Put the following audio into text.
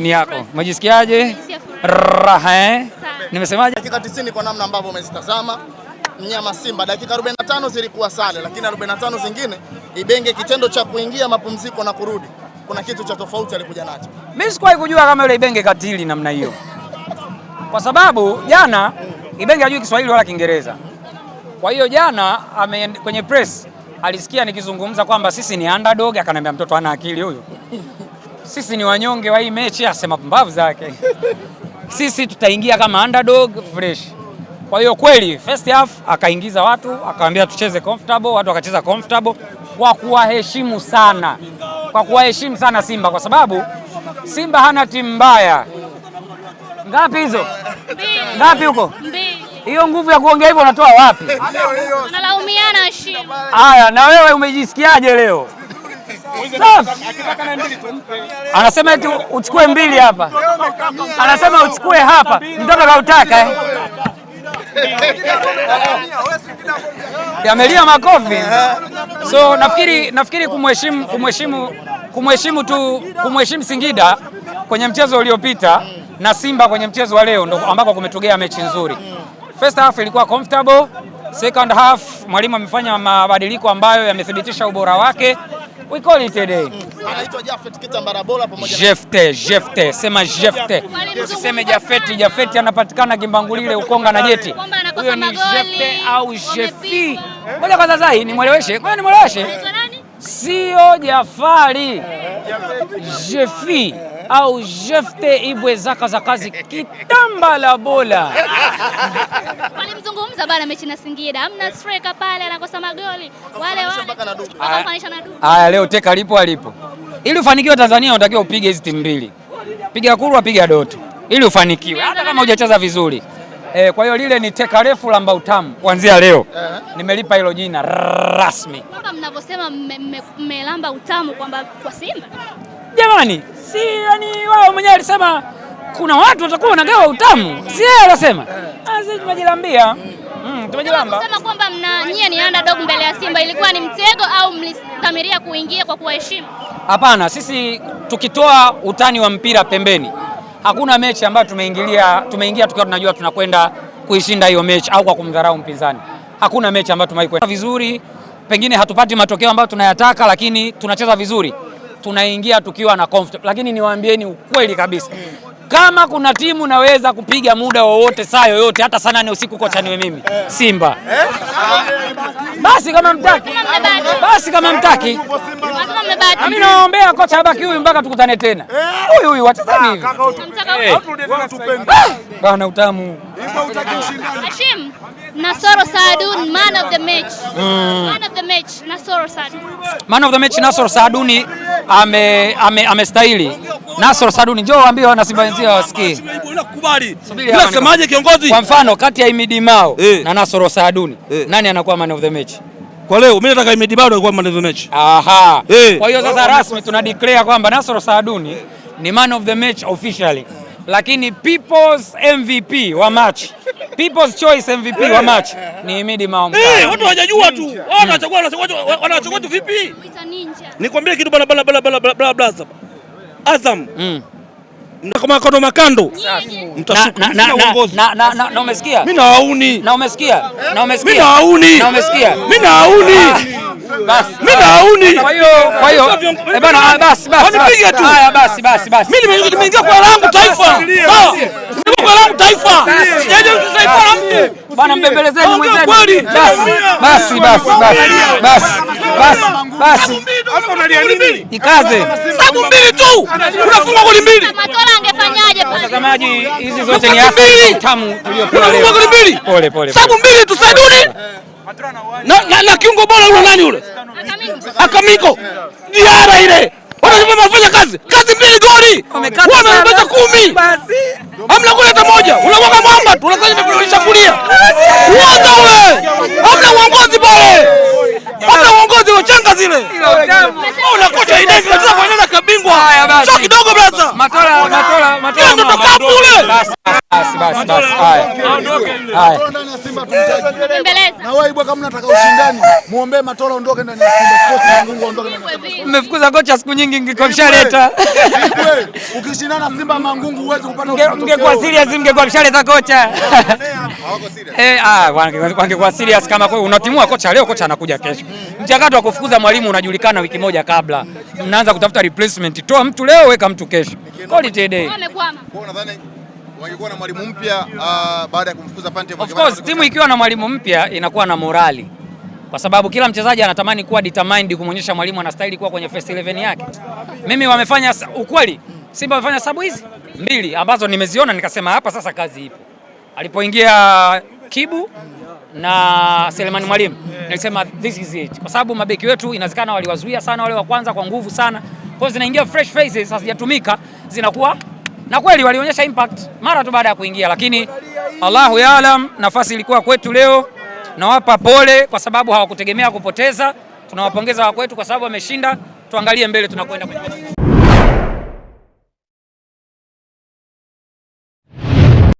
ni yako umejisikiaje? Raha, eh? nimesemaje? Dakika 90 kwa namna ambavyo umezitazama mnyama Simba, dakika 45 zilikuwa sare, lakini 45 zingine Ibenge, kitendo cha kuingia mapumziko na kurudi, kuna kitu cha tofauti alikuja nacho. Mimi sikuwahi kujua kama yule Ibenge katili namna hiyo, kwa sababu jana Ibenge hajui Kiswahili wala Kiingereza. Kwa hiyo jana ame, kwenye press alisikia nikizungumza kwamba sisi ni underdog, akaniambia mtoto ana akili huyo sisi ni wanyonge wa hii mechi, asema pumbavu zake sisi tutaingia kama underdog fresh. Kwa hiyo kweli first half akaingiza watu, akawaambia tucheze comfortable, watu wakacheza comfortable kwa kuwaheshimu sana, kwa kuwaheshimu sana Simba, kwa sababu Simba hana timu mbaya. Ngapi hizo? Ngapi huko? Hiyo nguvu ya kuongea hivyo unatoa wapi? Haya, na wewe umejisikiaje leo? Anasema eti uchukue mbili hapa, anasema uchukue hapa, mtoto kautaka eh. Yamelia makofi. So nafikiri nafikiri kumheshimu kumheshimu kumheshimu tu kumheshimu Singida kwenye mchezo uliopita na Simba kwenye mchezo wa leo ndo ambako kumetugea mechi nzuri. First half ilikuwa comfortable, second half mwalimu amefanya mabadiliko ambayo yamethibitisha ubora wake. We call it a day. Anaitwa Jafet Kitambara Bola pamoja na Jefte, Jefte, sema Jefte. Usiseme Jafeti, Jafeti anapatikana Kimbangulile Ukonga na Jeti. Huyo ni Jefte au Jefi. Ngoja kwanza sasa hii nimweleweshe. Ngoja nimweleweshe. Sio Jafari. Jefi au jefte ibwe zaka za kazi kitamba la bola walimzungumza bana mechi na Singida, amna striker pale anakosa magoli wale wale. Haya, leo teka lipo alipo. Ili ufanikiwe Tanzania, unatakiwa upige hizi timu mbili, piga Kurwa, piga Doto ili ufanikiwe, hata kama hujacheza vizuri e. Kwa hiyo lile ni teka refu la Mbautamu kuanzia leo uh -huh. Nimelipa hilo jina rasmi kama mnavyosema mmelamba utamu kwamba kwa Simba jamani, si yani wao mwenyewe alisema kuna watu watakuwa wanagawa utamu, si yeye alisema. Sisi eh. ah, tumejilambia mm, tumejilamba kusema kwamba mna nyie ni underdog mbele ya Simba. Ilikuwa ni mtego au mlitamiria kuingia kwa kuwaheshimu? Hapana, sisi tukitoa utani wa mpira pembeni, hakuna mechi ambayo tumeingilia tumeingia tukiwa tunajua tunakwenda kuishinda hiyo mechi au kwa kumdharau mpinzani. Hakuna mechi ambayo tumaikwenda vizuri, pengine hatupati matokeo ambayo tunayataka, lakini tunacheza vizuri tunaingia tukiwa na comfort, lakini niwaambieni ukweli kabisa kama kuna timu naweza kupiga muda wowote saa yoyote hata saa nane usiku kocha niwe mimi Simba. Basi kama mtaki, basi kama mtaki, mimi naombea kocha abaki huyu mpaka tukutane tena, huyu huyu watazame hivi eh. bana, utamu Hashim Nasoro Saadun, man of the match, hmm. man of the match Nasoro Saadun, man of the match Nasoro Saaduni ame ame, ame Nasr Saduni, njoo waambie wana Simba wenzia wasikie. Bila semaje kiongozi? Kwa mfano kati ya Imidi Mao e, na Nasr Saduni e, nani anakuwa man of the match? Kwa leo mimi nataka Imidi Mao anakuwa man of the match. Aha. E. Kwa hiyo sasa rasmi tuna declare kwamba Nasr Saduni ni man of the match officially, lakini people's MVP wa match People's Choice MVP wa match ni Himidi Mwaomkali. Eh, hey, watu hawajajua tu. Wao wanachagua wanachagua tu vipi? Nikwambie kitu bla bla bla bla bla bla. Azam. Mm. makando. Mtashuka na uongozi. Na na na, na umesikia? Mimi Na umesikia? Na umesikia? Mimi Na umesikia? Mimi Basi. basi basi. basi basi basi. Bongo la taifa. Bwana mbembelezeni mwenzenu. Basi basi basi basi basi. Hapo unalia nini? Ikaze. Sababu mbili tu. Unafungwa goli mbili. Matola angefanyaje pale? Watazamaji, hizi zote ni afya tamu tuliyopewa leo. goli mbili. Pole pole. Sababu mbili tu Saduni. Na na, na kiungo bora yule nani yule? Akamiko. Diara ile. Wanafanya kazi. Kazi mbili goli. Wamepata 10. Basi. Hamna watu unasema nimekulishambulia wote wewe. Hamna uongozi pale. Hamna uongozi wa changa zile. Unakocha idai tunataka kabingwa. basi basi, haya haya, na wewe kama unataka ushindani, muombe Matola ondoke ndani ya Simba Sports na Mungu aondoke ndani ya Simba. Mmefukuza kocha siku nyingi, mngekuamshaleta ukishindana Simba Mangungu huwezi kupata. Mngekuwa serious, mngekuwa mshaleta kocha. Eh, ah, wangekuwa serious kama unatimua kocha leo, kocha anakuja kesho. Mchakato wa kufukuza mwalimu unajulikana wiki moja kabla, mnaanza kutafuta replacement. Toa mtu leo, weka mtu kesho. Quality day wangekuwa na mwalimu mpya uh, baada ya kumfukuza Pante. Of course timu ikiwa na mwalimu mpya inakuwa na morali, kwa sababu kila mchezaji anatamani kuwa determined kumuonyesha mwalimu anastahili kuwa kwenye first 11 yake. Mimi wamefanya ukweli, Simba wamefanya sabu hizi mbili ambazo nimeziona nikasema hapa sasa kazi ipo. Alipoingia Kibu na Selemani Mwalimu nilisema this is it, kwa sababu mabeki wetu inawezekana waliwazuia sana wale wa kwanza kwa nguvu sana, kwa hiyo zinaingia fresh faces, hazijatumika zinakuwa na kweli walionyesha impact mara tu baada ya kuingia, lakini Allahu yaalam, nafasi ilikuwa kwetu leo. Nawapa pole kwa sababu hawakutegemea kupoteza. Tunawapongeza wakwetu kwa sababu wameshinda. Tuangalie mbele tunakwenda kwenye